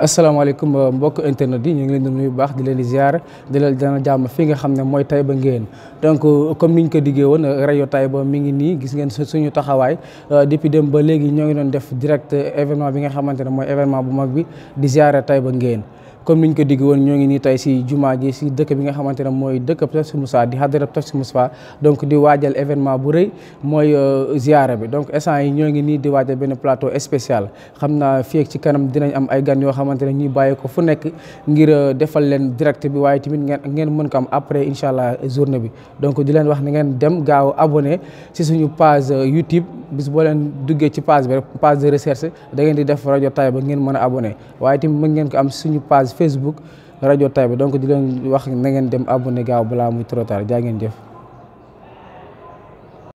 asalaamaaleykum euh, mbokk internet yi ñu ngi leen di nuyu bu baax di leen di ziar di leen dana jàmm fi nga xam ne mooy ba ngéen donc euh, comme ni ñu ko diggee woon euh, rajo Taïba mi ngi nii gis ngeen suñu taxawaay depuis dem ba léegi ñoo ngi doon def direct événement bi nga xamante ne mooy événement bu mag bi di ziar ba Nguéyéne comme niñ ko digg won ñoo ngi ni tay ci juma ji ci dëkk bi nga xamantene moy dëkk Prof Moussa di hadira Prof Moussa donc di wajal événement bu reuy moy eh, ziaré bi donc instant yi ñoo ngi ni di wajal ben plateau spécial xamna fi ci kanam dinañ am ay gan yo xamantene ñi bayiko fu nek ngir defal len direct bi waye timit ngeen ngeen mën kam après inshallah journée bi donc di len wax ni ngeen dem gaaw abonné ci suñu page eh, YouTube bis boo leen duggee ci page bi rek page de recherche da ngeen di def rajo ba ngeen mën a abonné waaye tamit mën ngeen ko am suñu page Facebook rajo Taïba donc di leen wax na ngeen dem abonné gaaw balaa muy trop tard jaa ngeen jëf.